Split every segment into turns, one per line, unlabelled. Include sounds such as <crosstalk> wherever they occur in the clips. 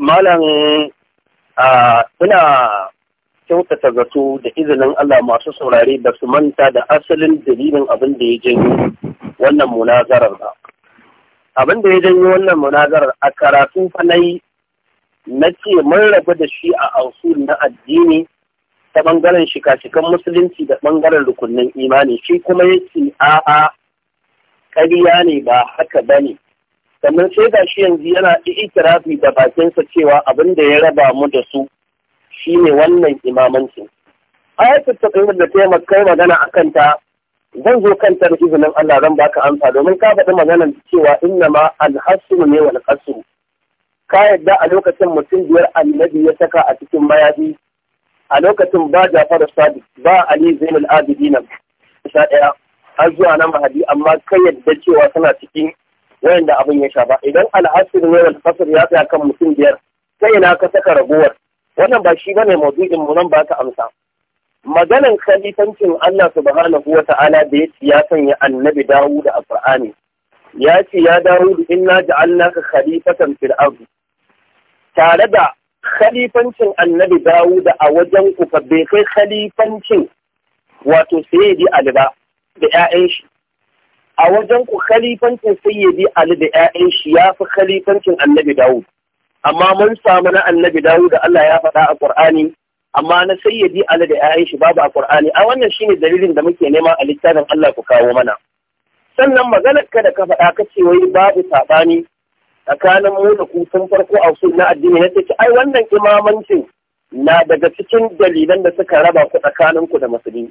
malam ina kyautata zato da izinin Allah masu saurari da su manta da asalin dalilin abin da ya janyo wannan munazarar ba. Abin da ya janyo wannan munazarar a karatu fa na yi na ce mun rabu da shi a ausul na addini ta ɓangaren shika-shikan musulunci da ɓangaren rukunin imani shi kuma yake a'a ƙarya ne ba haka ba ne sannan sai ga shi yanzu yana ikirafi da bakinsa cewa abin da ya raba mu da su shine wannan imamancin ayatul taqrir da ta magana akan ta zan zo kanta da izinin Allah zan baka amsa domin ka faɗi maganar cewa in inna ma alhasru ne wal qasru ka yadda a lokacin mutum biyar annabi ya saka a cikin mayafi a lokacin ba Jafar Sadiq ba Ali Zainul Abidin sha ɗaya har zuwa na mahadi amma kan yadda cewa suna cikin wayanda abin ya shafa idan al'asir ne wal fasr ya tsaya kan mutum biyar sai ina ka saka raguwar wannan ba shi bane maudu'in mu nan ba ka amsa maganan khalifancin Allah subhanahu wa ta'ala da yace ya sanya annabi Dawud a Qur'ani ya ce ya Dawud inna ja'alnaka khalifatan fil tare da khalifancin annabi Dawud a wajen ku fa bai kai khalifancin wato sayyidi Ali ba da 'ya'yan shi a wajen ku khalifancin sayyidi Ali da ƴaƴan shi ya fi khalifancin Annabi Dawud amma mun samu na Annabi Dawud da Allah ya faɗa a Qur'ani amma na sayyidi Ali da ƴaƴan shi babu a Qur'ani a wannan shine dalilin da muke nema a littafin Allah ku kawo mana sannan maganar ka da ka faɗa ka ce wai babu saɓani tsakanin mu da ku farko a su na addini na ce ai wannan imamancin na daga cikin dalilan da suka raba ku tsakanin ku da musulmi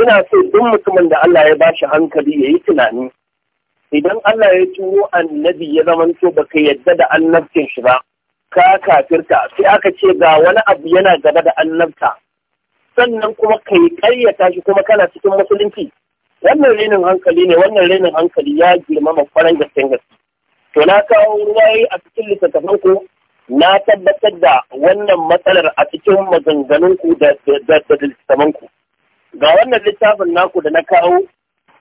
ina so duk mutumin da Allah ya bashi hankali ya yi tunani idan Allah ya turo annabi ya zama to baka yadda da annabcin shi ba ka kafirta sai aka ce ga wani abu yana gaba da annabta sannan kuma kai karyata shi kuma kana cikin musulunci wannan renin hankali ne wannan renin hankali ya girmama kwaran gasken gaske to na kawo ruwaye a cikin littattafan ku na tabbatar da wannan matsalar a cikin maganganun ku da littattafan ku ga wannan littafin naku da na kawo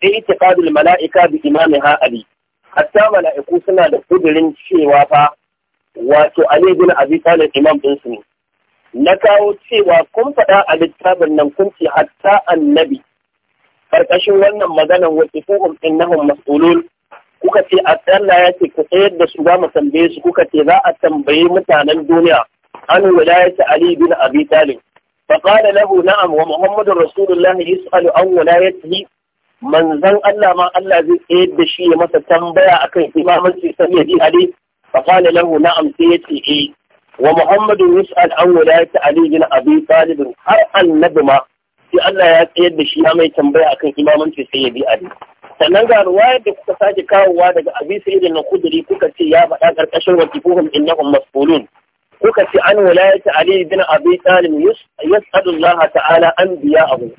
itikadul mala'ika bi imamiha ali hatta mala'iku suna da kudirin cewa fa wato ali bin abi talib imam din su ne na kawo cewa kun faɗa a littafin nan kun ce hatta annabi karkashin wannan maganan wa tsifuhum innahum mas'ulun kuka ce Allah ya ce ku tsayar da su bamu mu tambaye su kuka ce za a tambayi mutanen duniya an wilayata ali bin abi talib فقال له نعم ومحمد رسول الله يسأل عن ولايته manzon Allah ma Allah zai tsayar da shi ya masa tambaya akan imamanci sai ya ji Ali فقال له نعم سيتي إيه ومحمد يسأل عن ولاية علي بن أبي طالب هر النبمة في الله يا سيد بشيا ما يتنبأ أكن إماما في سيدي علي sannan ga ruwaya da kuka sake kawowa daga abi sayyid al-khudri kuka ce ya faɗa karkashin wa tifuhum innahum mas'ulun kuka ce an wilayata Ali bin Abi Talib yas'adu Allah ta'ala abu.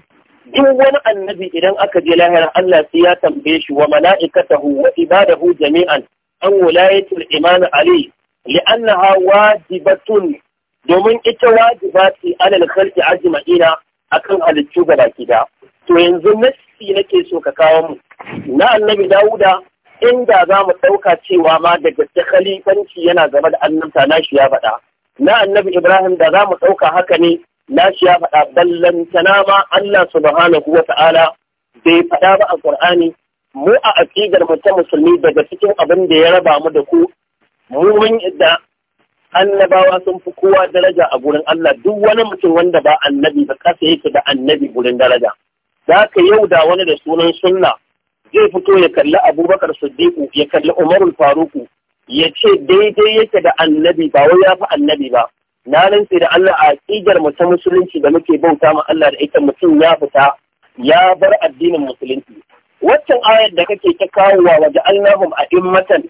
duk wani annabi idan aka je lahira Allah sai ya tambaye shi wa mala'ikatahu wa ibadahu jami'an an wilayatul imam Ali li'annaha wajibatun domin ita wajiba ce alal khalqi ajma'ina akan halittu gaba gida to yanzu nassi nake so ka kawo mu na annabi Dawuda inda za mu ɗauka cewa ma daga gaske khalifanci yana game da annabta na shi ya faɗa na annabi Ibrahim da za mu ɗauka haka ne na shi ya faɗa ballantana ma Allah subhanahu wa ta'ala bai faɗa ba a Qur'ani mu a aqidar mu ta musulmi daga cikin abin da ya raba mu da ku mu mun da annabawa sun fi kowa daraja a gurin Allah duk wani mutum wanda ba annabi ba kasa yake da annabi gurin daraja za ka yau da wani da sunan sunna zai fito ya kalli abubakar siddiqu ya kalli umarul faruku ya ce daidai yake da annabi ba wai ya fi annabi ba na rantse da Allah a aƙidar mu ta musulunci da muke bauta ma Allah da ita mutum ya fita ya bar addinin musulunci waccan ayar da kake ta kawowa waje Allahum a immatan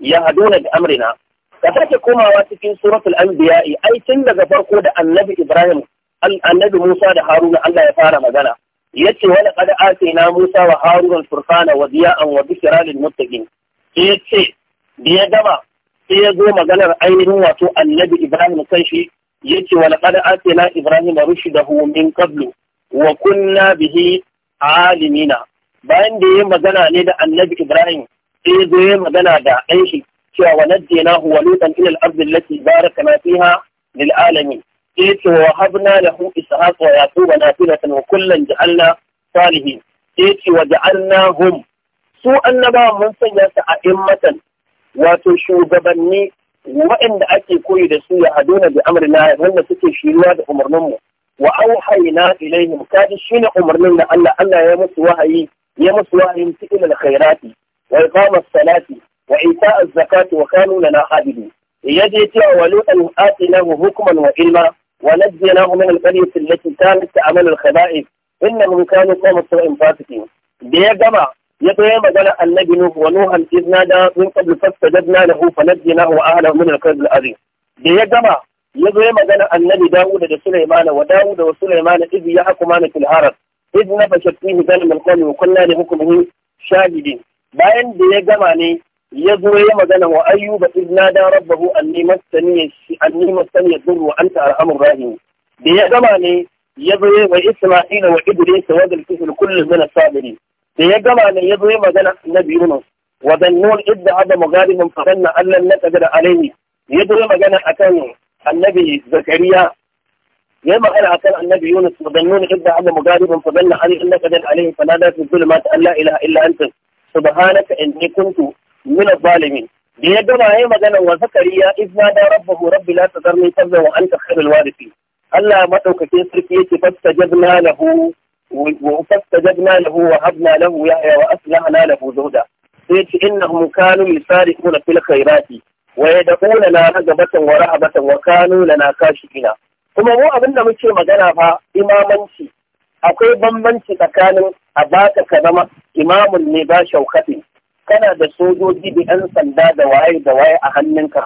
ya haduna da amrina ka sake komawa cikin suratul anbiya'i ai tun daga farko da annabi Ibrahim annabi Musa da Haruna Allah ya fara magana yace wala qad atina Musa wa Haruna al-furqana wa diya'an wa bushra lil muttaqin yace da ya gama sai ya zo maganar ainihin wato annabi Ibrahim kan shi yake wa laqad atina Ibrahim rushdahu min qablu wa kunna bihi alimina bayan da yayi magana ne da annabi Ibrahim sai ya zo magana da ɗan shi cewa wa najjaynahu wa lutan ila al-ardi allati barakna fiha lil alamin sai wa habna lahu ishaq wa yaquba nafilatan wa kullan ja'alna salihin sai wa ja'alnahum su annaba mun sanya su a immatan wato shugabanni waɗanda ake koyi da su ya haduna bi amrina wanda suke shiruwa da umarninmu wa auhayna ilaihim kaji ne umarnin da Allah Allah ya musu wahayi ya musu wahayin fi'il alkhairati wa iqama salati wa ita az-zakati wa kanu lana abidi yaje cewa walu an atinahu hukman wa ilma wa najjaynahu min al-qaryati allati kanat ta'malu al-khaba'ith innahum kanu qawman fasiqin da ya gama ya zo ya magana annabi nuhu wa nuhan iznada min qabl fastajabna lahu fanajjinahu wa ahlahu min al-kadhib al-azim da ya gama ya zo ya magana annabi dawud da sulaimana wa dawud wa sulaimana idh yahkumana fil haras idh nafashat fihi zalm al-qawm wa kunna li hukmihi shahidin bayan da ya gama ne ya zo ya magana wa ayyuba idh nada rabbahu anni massani anni massani yadur wa anta arhamur rahim da ya gama ne ya zo ya wa isma'ila wa idris wa dhal kifl kullu min as-sabirin da ya gama ne ya zo yi magana na biyu ne wa dannun idda hada mugaribin fadanna Allah na kadara alaihi ya zo yi magana akan annabi zakariya ya yi magana akan annabi yunus wa dannun idda hada mugaribin fadanna Allah na kadara alaihi fanada fi zulmat Allah ilaha illa anta subhanaka inni kuntu min zalimin da ya gama ya yi magana wa zakariya izna da rabbahu rabbi la tazarni tabda wa anta khairul warithin Allah madaukakin sarki yake fastajabna lahu فاستجبنا له وهبنا له يحيى وأصلحنا له زهدا سيت انهم كانوا يسارقون في الخيرات ويدعون لنا رغبة ورهبة وكانوا لنا كاشفين kuma mu abin da muke magana fa imamanci akwai bambanci tsakanin a baka ka zama imamun ne ba shaukati kana da sojoji da yan sanda da waye da waye a hannunka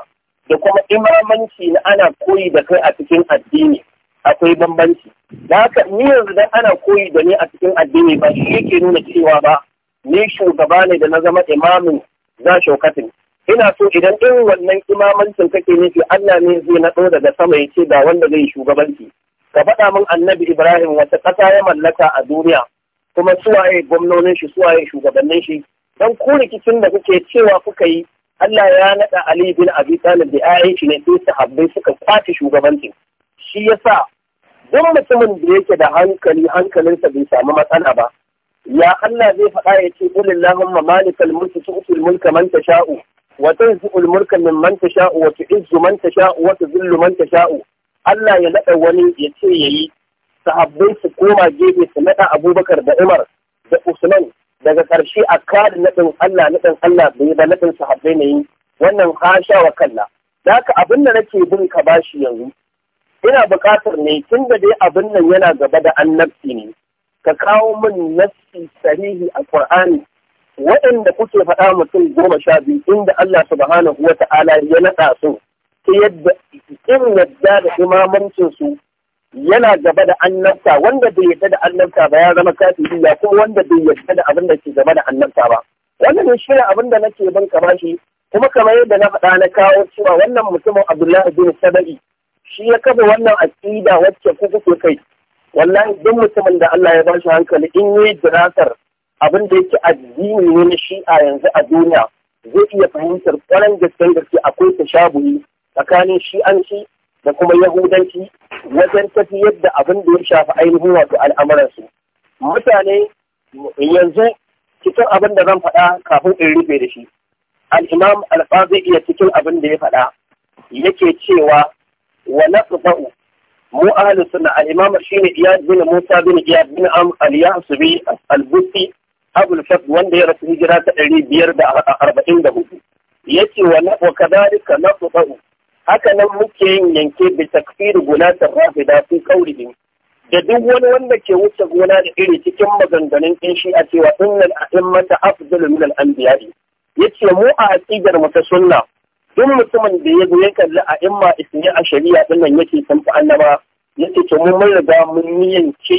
da kuma imamanci na ana koyi da kai a cikin addini akwai bambanci da haka ni yanzu dan ana koyi da ni a cikin addini ba shi yake nuna cewa ba ni shugaba ne da na zama imamin za shaukatin ina so idan irin wannan imamancin kake nufi Allah ne zai naɗo daga sama ya ce ga wanda zai shugabanci ka faɗa min annabi Ibrahim wata ƙasa ya mallaka a duniya kuma suwaye gwamnonin shi suwaye shugabannin shi dan ku rikicin da kuke cewa kuka yi Allah ya naɗa Ali bin Abi Talib da 'ya'yan shi ne sai sahabbai suka kwace shugabancin shi yasa duk mutumin da yake da hankali hankalinsa bai samu matsala ba ya Allah zai faɗa ya ce qul allahumma malikal mulki tu'til mulka man tasha'u wa tanzi'ul mulka mimman tasha'u wa tu'izzu man tasha'u wa tudhillu man tasha'u Allah ya naɗa wani ya ce yayi sahabbai su koma gefe su naɗa Abubakar da Umar da Usman daga ƙarshe a kare naɗin Allah naɗin Allah bai ba naɗin sahabbai ne wannan hasha wa kalla da haka abin da nake bin ka bashi yanzu ina buƙatar ne tun da dai abin nan yana gaba da annabci ne ka kawo min nafsi sahihi a Qur'ani waɗanda kuke faɗa mutum goma sha biyu inda Allah subhanahu wa ta'ala ya naɗa su ta yadda in yadda da imamancin su yana gaba da annabta wanda bai yadda da annabta ba ya zama kafiri ya ko wanda bai yadda da abin da ke gaba da annabta ba wannan ne shi abin da nake bin kama shi kuma kamar yadda na faɗa na kawo cewa wannan mutumin Abdullahi bin Sabai shi ya kafa wannan aqida wacce ku ke kai wallahi duk mutumin da Allah ya bashi hankali in yi dirasar abin da yake addini ne na shi'a yanzu a duniya zai iya fahimtar kwaran gaskiyar gaske akwai tashabuhi tsakanin shi'anci da kuma yahudanci wajen tafi yadda abin da ya shafi ainihin wato al'amuransu mutane yanzu cikin abin da zan faɗa kafin in rufe da shi al'imam alfa zai iya cikin abin da ya faɗa yake cewa wa naqta'u mu ahlus sunna al-imam shine iyad bin musa bin iyad bin am al-yahsubi al-busti abu al wanda ya rasu hijira ta 544 yace wa na wa kadalika naqta'u haka nan muke yin yanke bi takfir gulatar rafida fi qawlihim da duk wani wanda ke wuce gona da iri cikin maganganun in shi a cewa innal a'immata afdalu min al-anbiya'i yace mu a aqidar mu ta sunna duk mutumin da ya zo ya kalli a imma isni a shari'a din nan yake san fa annaba yake to mun mun riga mun niyance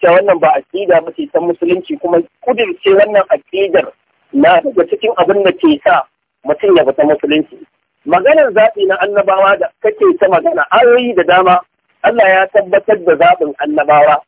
ta wannan ba aqida ba ce ta musulunci kuma kudirce wannan aqidar na daga cikin abin da ke sa mutum ya fita musulunci maganar zaɓi na annabawa da kake ta magana ayoyi da dama Allah ya tabbatar da zaɓin annabawa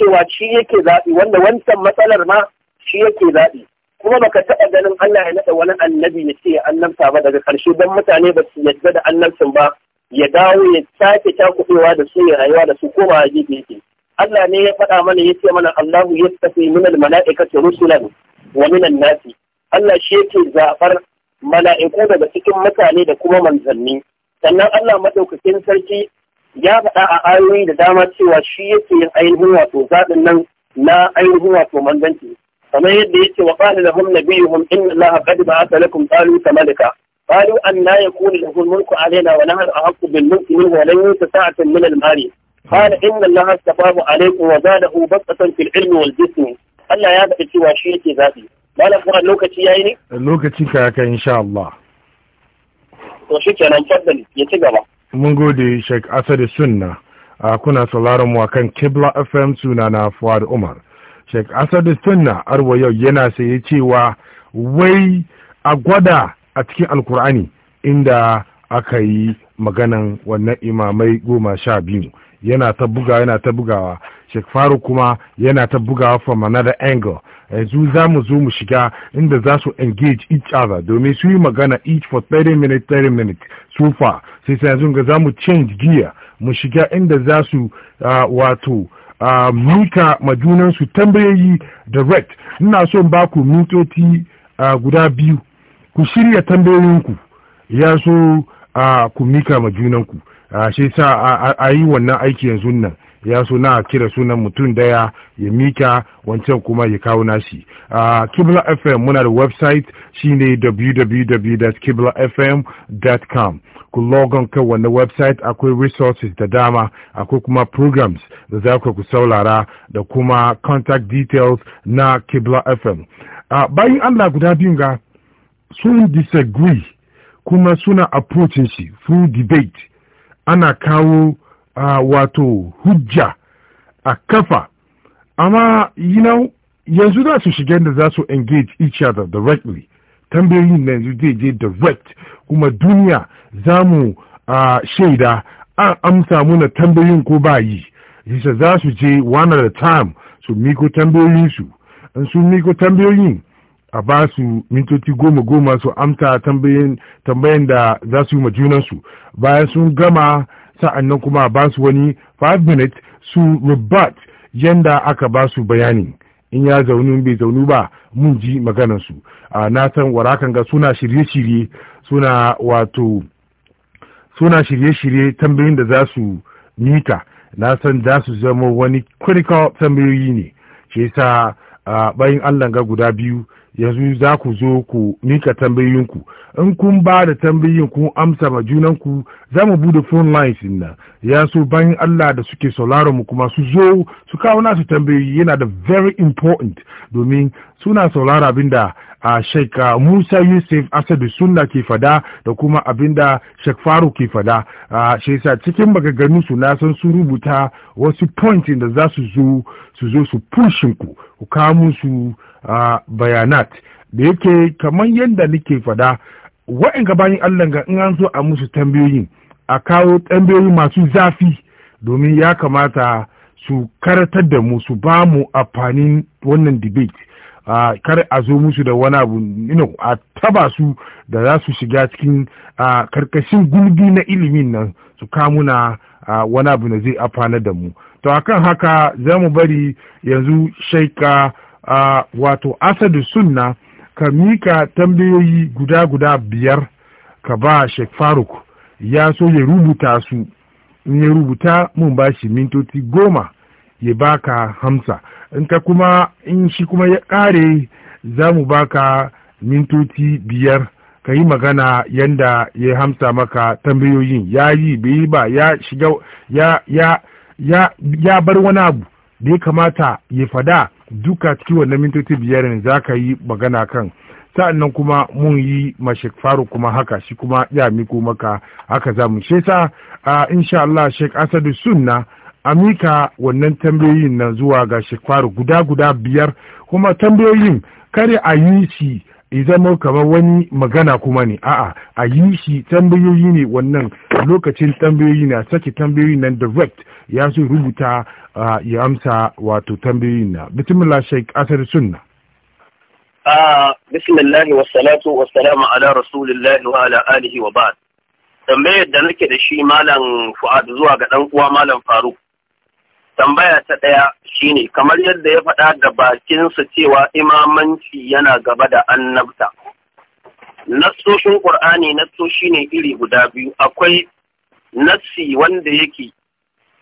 cewa shi yake zaɓi wanda wancan matsalar ma shi yake zaɓi kuma baka taɓa ganin Allah ya naɗa wani annabi ya ce annabta ba daga ƙarshe don mutane ba su yadda da annabcin ba ya dawo ya sake cakuɗewa da su ya rayuwa da su koma a gefe Allah ne ya faɗa mana ya ce mana Allahu ya tafi min malaikati rusulan wa minan nasi Allah shi yake zaɓar mala'iku daga cikin mutane da kuma manzanni sannan Allah madaukakin sarki ya faɗa a ayoyi da dama cewa shi yake yin ainihin wato zaɓin nan na ainihin wato manzanci kamar yadda yake wa qala lahum nabiyuhum inna allaha qad ba'atha lakum talut malika قالوا أن لا يكون له الملك علينا ونحن أحق بالملك منه ولن ساعة من المال قال إن الله استفاه عليكم وزاده بسطة في العلم والجسم Allah ya faɗi cewa shi yake zaɓi. Malam Furan lokaci ya yi ne?
Lokaci ka haka insha Allah.
To shi kenan faddali ya ci gaba.
Mun gode Sheikh Asadu Sunna. Ah, kuna sauraron mu kan Kibla FM sunana na Fuad Umar. Sheikh Asadu Sunna Arwa yau yana sai cewa wai a gwada a cikin Alkur'ani inda aka yi maganan wannan imamai goma sha biyu yana ta buga yana ta bugawa Sheikh faru kuma yana ta bugawa from another angle yanzu za mu zo mu shiga inda za su engage each other domin su yi magana each for 30 minutes 30 minutes so far sai sai yanzu ga za mu change gear mu shiga inda za su ah, wato mika ma junansu tambayoyi direct ina son ba ku mintoci guda biyu ku shirya tambayoyinku ya so ku mika majunan ku shi sa a yi wannan aiki yanzu nan ya so na kira sunan mutum daya ya mika wancan kuma ya kawo nashi a kibla fm muna da website shine www.kiblafm.com ku logon kan wannan website akwai resources da dama akwai kuma programs da za ku saulara da kuma contact details na kibla fm a bayan allah guda biyun ga sun disagree kuma suna approaching shi through debate ana kawo wato hujja a kafa amma you know yanzu za su shiga da za su engage each other directly tambayoyin na yanzu zai je direct kuma duniya za mu shaida an amsa muna tambayoyin ko ba yi yasa za su je one at a time su miko su in su miko tambayoyin a ba su mintoci goma goma su amsa tambayan da za su yi ma junansu bayan sun gama sa'annan kuma a su wani 5 minutes su rubat yanda aka ba su bayani in ya zaunu bai zaunu ba mun ji maganansu na san warakan ga suna shirye-shirye suna wato suna shirye-shirye tambayin da za su nita na san za su zama wani critical tambayoyi ne shi yasa bayan allah ga guda biyu yanzu za ku zo ku mika tambayoyinku in kun ba da tambayoyin kun amsa ma junanku za mu bude phone lines na ya so bayan Allah da suke sauraron mu kuma su zo su kawo nasu tambayoyi yana da very important domin suna saurara abinda a Sheikh Musa Yusuf Asadu Sunna ke fada da kuma abinda Sheikh Faru ke fada a shi yasa cikin magaganu su na san su rubuta wasu point da za su zo su zo su pushin ku ku kawo musu bayanat da yake kamar yadda nake fada wa'in gabanin allah ga in an so a musu tambayoyin a kawo tambayoyi masu zafi domin ya kamata su karatar da mu su ba mu amfanin wannan debate kar a zo musu da wani abu a taba su da za su shiga cikin karkashin gulbi na ilimin nan su kamuna wani abu da zai amfanar da mu to akan haka za mu bari yanzu shaika a wato asadu sunna ka mika tambayoyi guda guda biyar ka ba shek Faruk ya so ya rubuta su in ya rubuta mun ba shi mintoci goma ya baka hamsa in ka kuma in shi kuma ya kare za mu baka mintoci biyar ka yi magana yanda ya hamsa maka tambayoyin ya yi bai ba ya shiga ya ya ya bar wani abu da ya kamata ya fada duka cikin wannan mintoci biyar ne za ka yi magana kan sa'annan kuma mun yi mashek faru kuma haka shi kuma ya miko maka haka za mu shesa a insha Allah shek asadu sunna a mika wannan tambayoyin na zuwa ga shek faru guda guda biyar kuma tambayoyin kare a yi shi zama kamar wani magana kuma ne a'a a yi shi tambayoyi ne wannan lokacin tambayoyi na sake tambayoyi nan direct ya su rubuta ya amsa wato tambayoyi na bitimila sheik asar sunna
bismillahi wassalatu wassalamu ala rasulillahi wa ala alihi wa ba'd tambayar da nake da shi malam fu'ad zuwa ga dan uwa malam faruk tambaya ta ɗaya shine kamar yadda ya faɗa da bakinsa cewa imamanci yana gaba da annabta nassoshin ƙur'ani nassoshi ne iri guda biyu akwai nassi wanda yake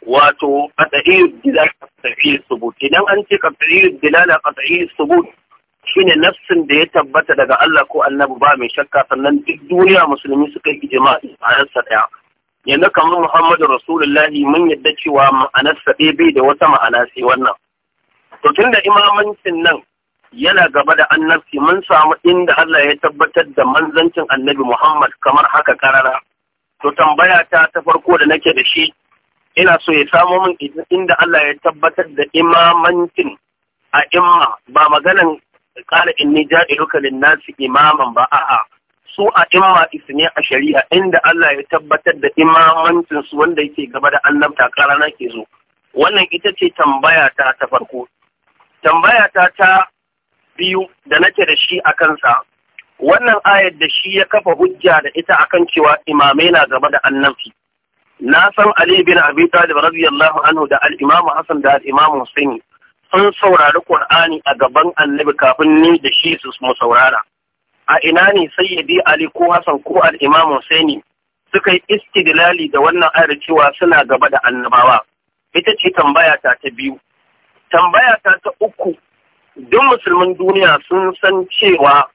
wato qat'iyyud dilala qat'iyyud subut idan an ce qat'iyyud dilala qat'iyyud subut shine nassin da ya tabbata daga Allah ko Annabi ba mai shakka sannan duk duniya musulmi suka yi ijma'i a nassa daya yanzu kamar Muhammadu Rasulullahi mun yadda cewa ma'anarsa ɗaya bai da wata ma'ana sai wannan to tunda imamancin nan yana gaba da annabci mun samu inda Allah ya tabbatar da manzancin annabi Muhammad kamar haka karara. To tambaya ta ta farko da nake da shi ina so ya samo min inda Allah ya tabbatar da imamancin a imma ba maganan kala inni ja'iluka nasi imaman ba a'a su a imma isne a shari'a inda Allah ya tabbatar da imamancin su wanda yake gaba da annabta karana ke zo wannan ita ce tambaya ta ta farko tambaya ta ta biyu da nake da shi a kansa wannan ayar da shi ya kafa hujja da ita akan cewa imamai na gaba da annabi na san Ali bin Abi Talib radiyallahu anhu da al-Imam Hassan da al-Imam sun saurari Qur'ani a gaban annabi kafin ni da shi su mu saurara a ina ne sai sayyidi Ali ko Hassan ko al-Imam Hussein suka yi istidlali da wannan ayar cewa suna gaba da annabawa ita ce tambaya ta ta biyu tambaya ta ta uku duk musulmin duniya sun san cewa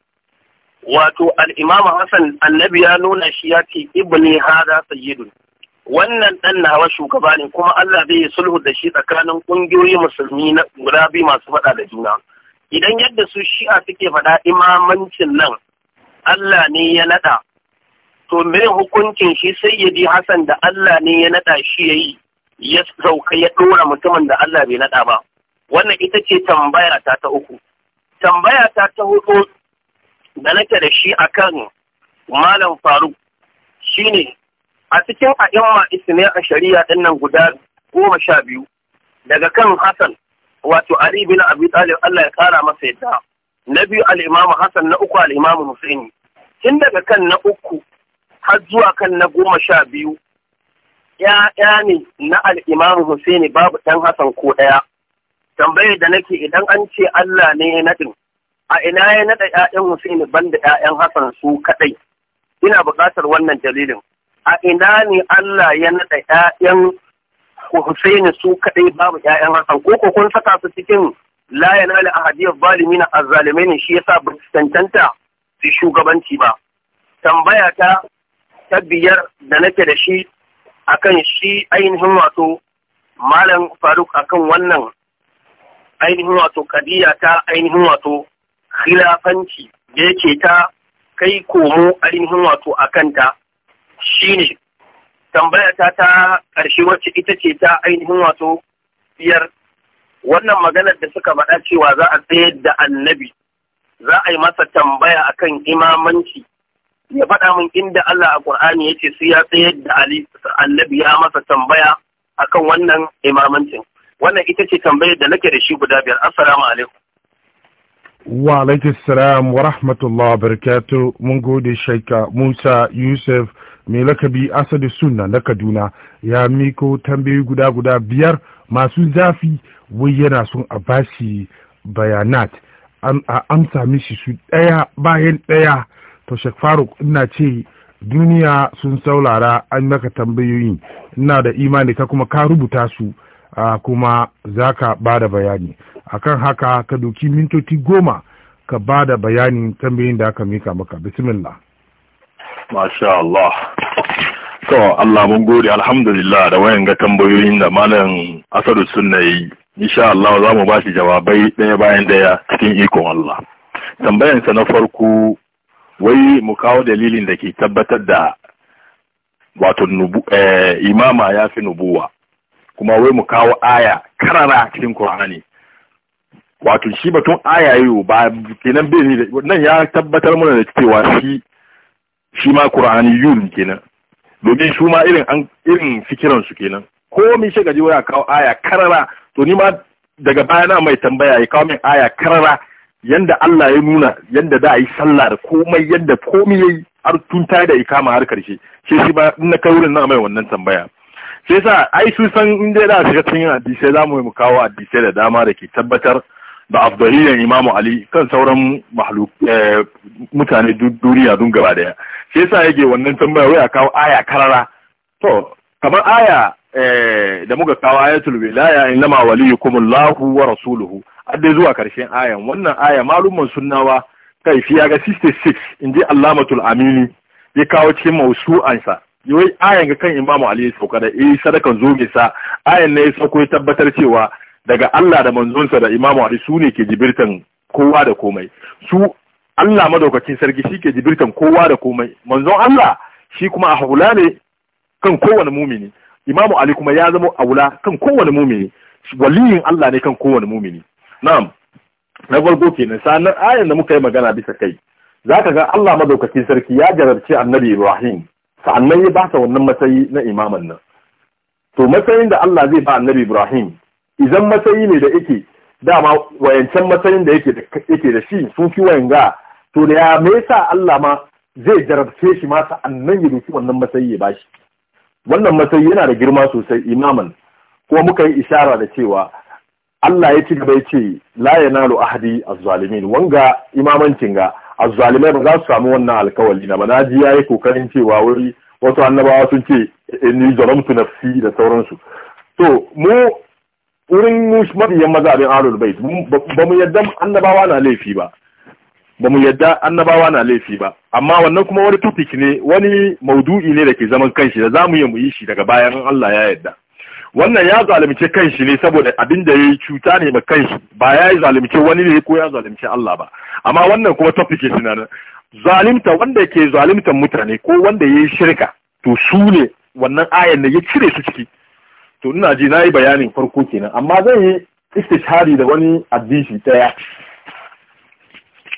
wato al'imam Hassan annabi ya nuna shi ya ce ibni hada sayyidun wannan dan nawa shugaba ne kuma Allah zai sulhu da shi tsakanin ƙungiyoyin musulmi na guda biyu masu faɗa da juna idan yadda su shi'a suke faɗa imamancin nan Allah ne ya naɗa to me hukuncin shi sai sayyidi Hassan da Allah ne ya naɗa shi yayi ya sauka ya ɗora mutumin da Allah bai naɗa ba wannan ita ce tambaya ta ta uku tambaya ta ta hudu da nake da shi a kan malam faruk ne. a cikin a'imma isne a shari'a ɗin nan guda goma sha biyu daga kan hassan wato ali bin abi talib Allah ya kara masa yadda na biyu al'imamu hassan na uku al'imamu imamu tun daga kan na uku har zuwa kan na goma sha biyu ‘ya'ya ne na al'imamu Hussaini babu ɗan Hassan ko ɗaya, tambayar da nake idan an ce Allah ne ya naɗin a ina ya naɗa ‘ya'yan ban da ‘ya'yan Hassan su kaɗai ina buƙatar wannan dalilin a ina ne Allah ya naɗa ‘ya'yan Husaini su kaɗai babu ‘ya'yan Hassan ko ko kun saka su cikin la yanalu ahadiyar zalimina ne shi yasa ba su cancanta su shugabanci ba tambaya ta ta biyar da nake da shi akan shi ainihin wato malam faruk akan wannan ainihin wato kadiya ta ainihin wato khilafanci da yake ta kai komo ainihin wato a kanta shi tambaya ta ta ƙarshe wacce ita ce ta ainihin wato biyar wannan maganar da suka faɗa cewa za a tsayar da annabi za a yi masa tambaya akan imamanci ya faɗa min inda Allah a Qur'ani yace sai ya tsayar da annabi ya masa tambaya akan wannan imamancin wannan ita ce tambayar da nake da shi guda biyar assalamu alaikum
wa alaikum salam wa rahmatullahi barakatu mun gode shaika musa yusuf mai lakabi asadi sunna na kaduna ya miko tambayoyi guda guda biyar masu zafi wai yana son a bashi bayanat a amsa mishi su ɗaya bayan ɗaya to shek faruk ina ce duniya sun saurara an maka tambayoyin ina da imani ka kuma ka rubuta su kuma za ka ba da bayani A kan haka ka doki mintoci goma ka ba da bayani tambayin da aka mika maka bismillah
masha Allah to Allah mun gode alhamdulillah da wayan ga tambayoyin da malam asadu sunna yi insha Allah za mu ba shi jawabai ɗaya bayan ɗaya cikin iko Allah tambayansa na farko wai mu kawo dalilin da ke tabbatar da wato eh, imama ya fi nubuwa kuma wai mu kawo aya karara cikin Qur'ani wato shi batun aya yau ba kenan bai ne nan ya tabbatar mana da cewa shi shi ma Qur'ani yun kenan domin su ma irin an irin fikiran su kenan ko mi shi gaji waya kawo aya karara to ni ma daga baya na mai tambaya ya kawo min aya karara yanda Allah ya nuna yanda da a yi sallah da komai yanda komai yayi har tun ta da ikama har karshe shi shi ba in na kai wurin na mai wannan tambaya sai sa ai su san inda da shiga cikin hadisai za mu kawo hadisi da dama da ke tabbatar da afdaliyan imamu ali kan sauran eh, mutane duniya dun gaba daya sai sa yake wannan tambaya wai a kawo aya karara to kamar aya eh, da muka kawo ayatul wilaya innama waliyukumullahu wa rasuluhu adda zuwa karshen ayan wannan aya malumman sunnawa kai fiya ga 66 inji allamatul amini ya kawo cikin mausu'ansa yoyi ayan ga kan imamu ali ya sauka da eh sadakan zo sa ayan ne ya sauko ya tabbatar cewa daga Allah da manzonsa da imamu ali su ne ke jibirtan kowa da komai su Allah madaukakin sarki shi ke jibirtan kowa da komai manzon Allah shi kuma a hula ne kan kowane mumini imamu ali kuma ya zama aula kan kowane mumini waliyin Allah ne kan kowane mumini na'am na farko kenan sanan ayan da muka yi magana bisa kai zaka ga Allah madaukakin sarki ya jarabce annabi Ibrahim sa'annan ya ba ta wannan matsayi na imaman nan to matsayin da Allah zai ba annabi Ibrahim idan matsayi ne da yake dama wayancan matsayin da yake da shi sun fi wayanga to da ya me sa Allah ma zai jarabce shi ma sa'annan ya doki wannan matsayi ya ba shi? wannan matsayi yana da girma sosai imaman ko muka yi ishara da cewa Allah ya ci gaba ya ce la nalo ahadi a zalimin wanga imamancin ga azzalimai ba za su samu wannan alkawali na ba na ji yayi kokarin cewa wuri wasu annabawa sun ce ni zalamtu nafsi da sauransu to mu wurin mu mabiyan mazhabin bait ba mu yadda annabawa na laifi ba ba mu yadda annabawa na laifi ba amma wannan kuma wani topic ne wani maudu'i ne da ke zaman kanshi da za mu yi mu yi shi daga bayan Allah ya yadda wannan ya zalunce kanshi ne saboda abin da yi cuta ne ma kanshi ba ya yi zalunce wani ne ko ya zalunce Allah ba amma wannan kuma topic shi na zalimta wanda ke zalimtan mutane ko wanda ya yi shirka to su ne wannan ayan ne ya cire su ciki to ina ji na yi bayanin farko kenan amma zan yi istishari da wani hadisi daya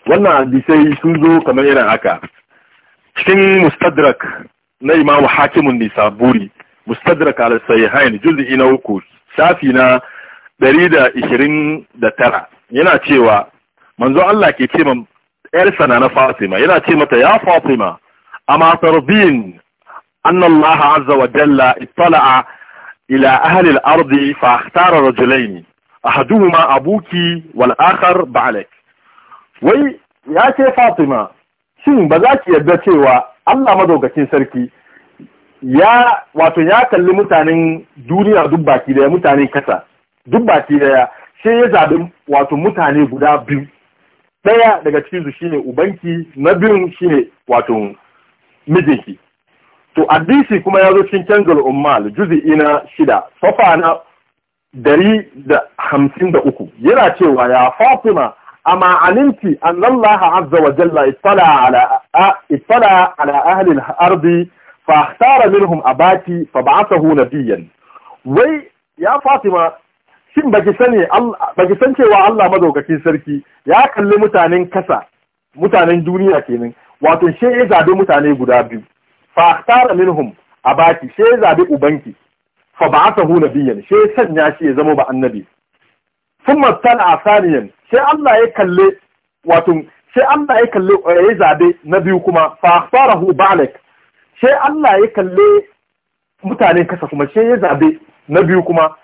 wannan hadisai sun zo kamar irin haka cikin mustadrak na imamu hakimun Buri. مستدرك على الصيحين جزء نوكو سافينا دريدة إشرين دترع ينا تيوى منذ الله كي تيمى إرسنا نفاطمة ينا تيمى يا فاطمة أما ترضين أن الله عز وجل اطلع إلى أهل الأرض فاختار رجلين أحدهما أبوك والآخر بعلك وي يا فاطمة شنو بذاك يبدأ تيوى الله مدوك تنسركي ya wato ya kalli mutanen duniya duk baki daya mutanen kasa duk baki daya sai ya zaɓi wato mutane guda biyu ɗaya daga su shine ubanki na biyun shine wato mijinki to addisi kuma ya zo cikin kyangal ummal juzi na shida safa na dari da hamsin da uku yana cewa ya fatima amma alimti annallaha azza wa jalla ittala ala ala ahli ardi fa tara minhum abati fa ba'athahu nabiyyan wai ya fatima shin baki sani baki san cewa Allah madaukakin sarki ya kalli mutanen kasa mutanen duniya kenan wato she ya zabe mutane guda biyu fa tara minhum abati she ya zabe ubanki fa ba'athahu nabiyyan she ya sanya shi ya zama ba annabi thumma tala asaniyan she Allah ya kalle wato sai Allah ya kalli ya zabe na biyu kuma fa farahu ba'lak sai Allah ya kalle mutane kasa kuma sai ya zabe na biyu kuma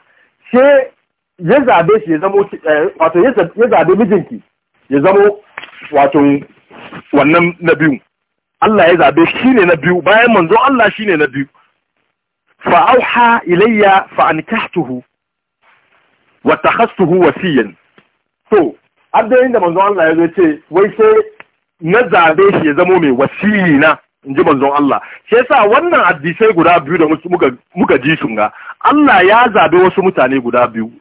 sai ya zabe shi ya zamo eh, wato ya zabe mijinki ya zamo wato wannan na biyu Allah ya zabe shi ne na biyu bayan manzo Allah shi ne na biyu fa auha ilayya fa ankahtuhu wa takhastuhu wasiyan so addayin da manzo Allah ya zo ce wai sai na zabe shi ya zamo mai wasiyi na in ji manzon Allah shi yasa wannan addisai guda biyu da muka ji sun ga Allah ya zabe wasu mutane guda biyu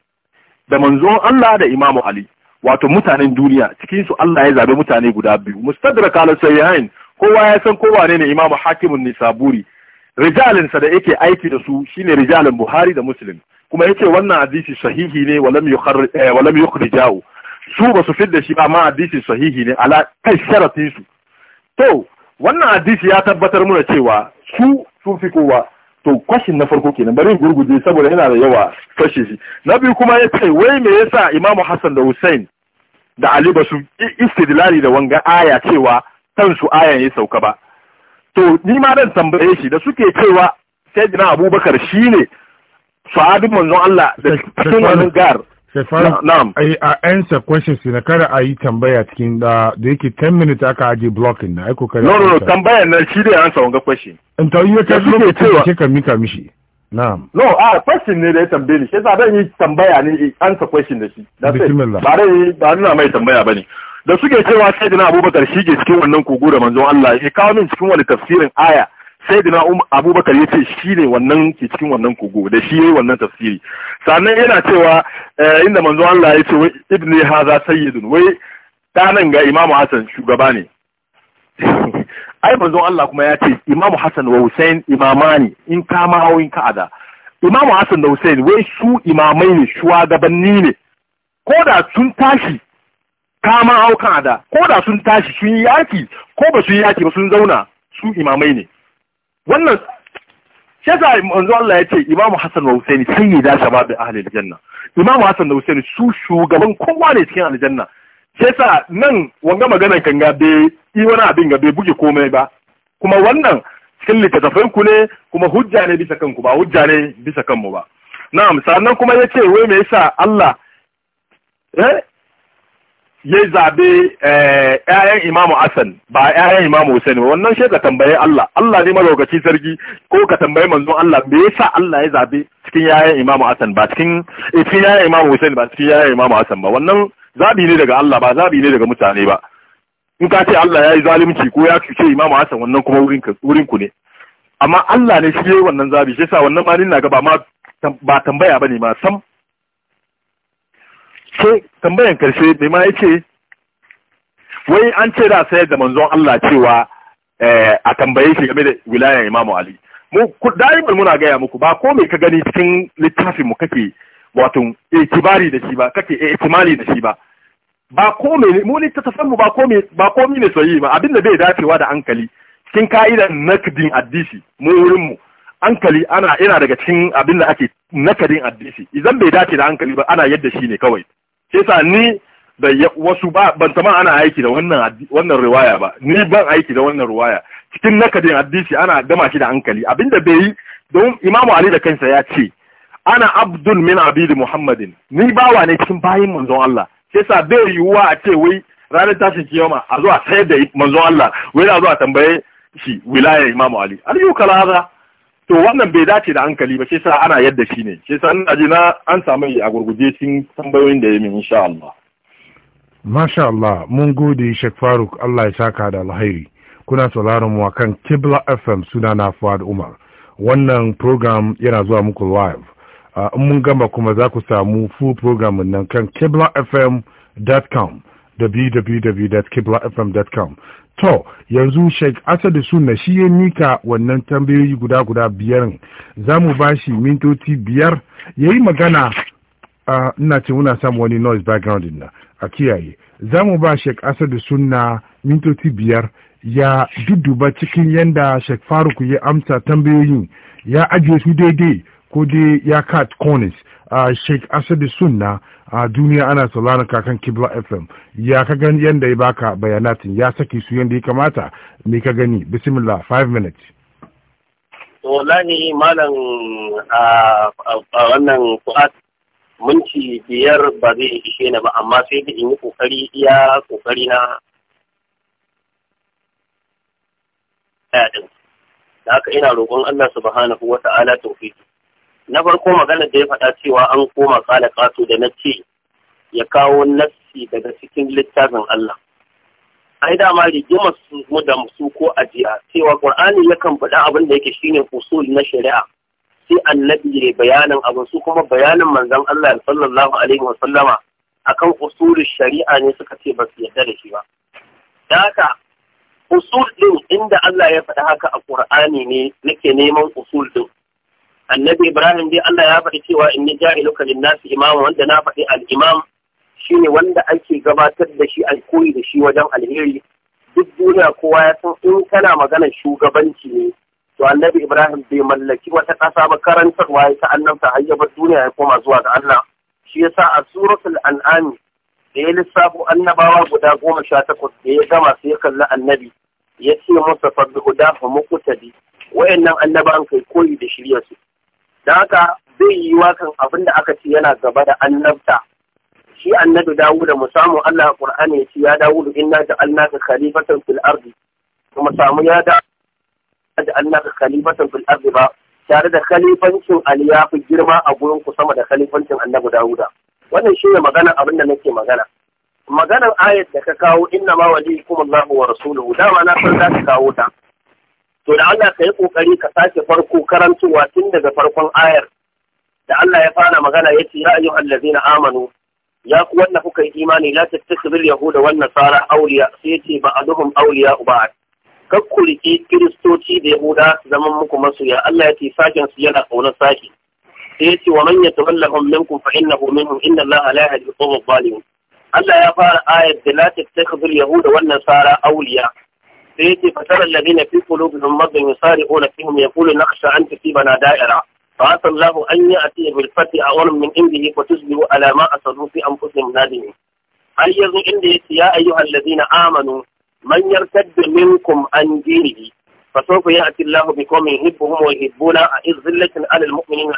da manzon Allah da Imamu Ali wato mutanen duniya cikin su Allah ya zabe mutane guda biyu mustadrak ala sayyain kowa ya san kowa ne ne Imamu Hakimun Nisaburi rijalin sa da yake aiki da su shine rijalin Buhari da Muslim kuma ya ce wannan hadisi sahihi ne walam yukhrij eh, walam su ba su fidda shi ba ma hadisi sahihi ne ala kai sharatin su to wannan hadisi ya tabbatar muna cewa su sun fi kowa to kwashin na farko kenan bari gurguje saboda yana da yawa kwashe shi na biyu kuma ya ce wai me yasa imamu hassan da hussein da ali ba su istidlali da wanga aya cewa kan su ayan ya sauka ba to ni ma dan tambaye shi da suke cewa sayyidina abubakar shine sahabin manzon Allah da cikin gar ai,
A answer questions na kada a yi tambaya cikin da da yake 10 minutes aka aje blocking na aiko kada. No no tambaya
na shi dai answer wanga question.
In ta yi ta cewa. Ke kika mika mishi.
Na'am. No a question ne da ya tambaye ni shi yasa dan yi tambaya ne answer question da shi. Bismillah. Ba dai ba nuna mai tambaya bane. Da suke cewa sai dina Abubakar shi ke cikin wannan kogo da manzon Allah ya kawo min cikin wani tafsirin aya. sai na'um abubakar ya ce shi ne wannan ke cikin wannan kogo da shi yayi wannan tafsiri sannan yana cewa eh, inda manzo Allah ya ce wai ibni haza sayyidun wai danan ga imamu hasan shugaba ne <laughs> ai manzo Allah kuma ya ce imamu hasan wa husain imamani in ka ma in in ada. imamu hasan da husain wai su imamai ne shugabanni ne ko da sun tashi kama hau kan ada ko da sun tashi sun yi yaki ko ba sun yi yaki ba sun zauna su imamai ne wannan shi yasa manzo Allah ya ce Imam Hassan da Husaini da shabab ahli aljanna Imam Hassan da Husaini su shugaban kowa ne cikin aljanna shi yasa nan wanga magana kan ga bai yi wani abin ga bai buge komai ba kuma wannan cikin littattafai ku ne kuma hujja ne bisa kanku ba hujja ne bisa kanmu ba na'am sannan kuma ya ce, wai me yasa Allah eh ya zabe eh, ƴaƴan imamu Hassan ba ƴaƴan imamu Hussein wannan shi ka tambaye Allah Allah ne malaukaci sarki ko ka tambaye manzon Allah me yasa Allah ya zabe cikin ƴaƴan imamu Hassan ba cikin eh, cikin ƴaƴan imamu Hussein ba cikin ƴaƴan imamu Hassan ba wannan zabi ne daga Allah ba zabi ne daga mutane ba in ka ce Allah ya yi zalunci ko ya cuce imamu Hassan wannan kuma wurin ku ne amma Allah ne shi yayi wannan zabi shi yasa wannan ma na ga ba ma ba tambaya bane ma sam sai tambayan karshe mai ma yace wai an ce da sayar da manzon Allah cewa eh, a tambaye shi game da wilayan Imam Ali mu daibar muna gaya muku ba ko me ka gani cikin littafin mu kake wato itibari da shi ba kake eh, ikimali da shi ba ba komai mu littattafan mu ba komai ba komai ne soyayya ba abin da bai dacewa da hankali cikin ka'idar nakdin addisi mu wurin mu hankali ana ina daga cikin abin da ake nakadin addisi idan bai dace da hankali ba ana yadda shi ne kawai sai sa ni da wasu ba ban taman ana aiki da wannan wannan riwaya ba ni ban aiki da wannan riwaya cikin nakadin hadisi ana gama shi da hankali abinda bai yi don imamu ali da kansa ya ce ana abdul min abidi muhammadin ni bawa ne cikin bayin manzon Allah sai sa bai yiwuwa a ce wai ranar tashin kiyama a a sayar da manzon Allah wai a zuwa tambaye shi wilaya imamu ali aliyu yukala to wannan bai dace da hankali ba sai sa ana yadda shi ne sai sa ina ji na an samu a gurguje cikin tambayoyin da ya min insha Allah
Masha Allah mun gode Sheikh Faruk Allah ya saka da alheri kuna sauraron mu kan Kibla FM suna na Fuad Umar wannan program yana zuwa muku live ah, in mun gama kuma za ku samu full program nan kan kiblafm.com www.kiblafm.com to yanzu sheikh asadu sunna shi ya nika wannan tambayoyi guda guda biyar za mu ba shi mintoci biyar ya yi magana ina ce muna samu wani noise background na a kiyaye za mu ba sheikh asadu sunna mintoci biyar ya dudduba cikin yanda shek faruk ya amsa tambayoyin ya ajiye su daidai ko dai ya kat cornish a ah, sheik asadi sunna a ah, duniya ana sauraron kakan kibla fm ya ka gani yadda ya baka bayanatin ya saki su yadda ya kamata me ka gani bismillah five minutes
wallahi malam a ah, wannan fuat minti biyar ba zai ishe na ba amma sai da in yi kokari iya kokari na ɗaya ɗin da haka ina roƙon Allah subhanahu wa ta'ala tawfiqi na farko maganar da ya faɗa cewa an koma kala kato da na ce ya kawo nassi daga cikin littafin Allah ai dama rigima su mu da su ko ajiya cewa ƙur'ani yakan faɗa abin da yake shine usul na shari'a sai annabi ne bayanin abin su kuma bayanin manzon Allah sallallahu alaihi wa sallama akan usul shari'a ne suka ce ba su yarda da shi ba da haka usul din inda Allah ya faɗi haka a ƙur'ani ne nake neman usul din annabi ibrahim dai Allah ya faɗi cewa in ni ja'iluka lin-nasi imama wanda na faɗi al-imam shine wanda ake gabatar da shi a koyi da shi wajen alheri duk duniya kowa ya san in kana maganar shugabanci ne to annabi ibrahim bai mallaki wata ƙasa ba karantarwa ya ta annabta hayyabar duniya ya koma zuwa ga Allah shi yasa a suratul an'ami da ya lissafo annabawa guda goma sha takwas da ya gama sai ya kalli annabi ya ce masa fadda huda fa muqtadi wayannan annabawan kai koyi da shiryasu. da haka zai yi wakan abin da aka ce yana gaba da annabta shi annabi dawuda mu samu Allah Qur'ani ya ce ya dawudu inna ja'alnaka khalifatan fil ardi kuma samu ya da ja'alnaka khalifatan fil ardi ba tare da khalifancin Ali ya fi girma a gurin ku sama da khalifancin annabi dawuda wannan shi ne magana abin da nake magana maganar ayat da ka kawo inna ma waliyukum Allahu wa rasuluhu dama na san za ka kawo ta to da Allah ka yi kokari ka sake farko karantuwa tun daga farkon ayar da Allah ya fara magana ya ce ya ayyuhal na amanu ya ku wanda kuka yi imani la tattakhidul yahuda wan nasara awliya sai yace ba'aduhum awliya ba'd kakkuliki kiristoci da yahuda su zaman muku masoya Allah ya ce sakin su yana kaunar saki sai yace wa man yatawallahum minkum fa innahu minhum inna Allah la yahdi al-qawm Allah ya fara ayar da la tattakhidul yahuda wannan nasara awliya yake fatar alladina fi qulubihim madun yusarihun fihim yaqulu nakhsha an tusibana da'ira fa asallahu an ya'ti bil fati awan min yi wa tusbihu ala ma asadu fi anfusihim nadim hal yazu inda yace ya ayyuha alladina amanu man yartadda minkum an dinihi fa sawfa ya'ti allahu bi qawmin yuhibbuhum wa yuhibbuna a'izzatin 'ala al mu'minina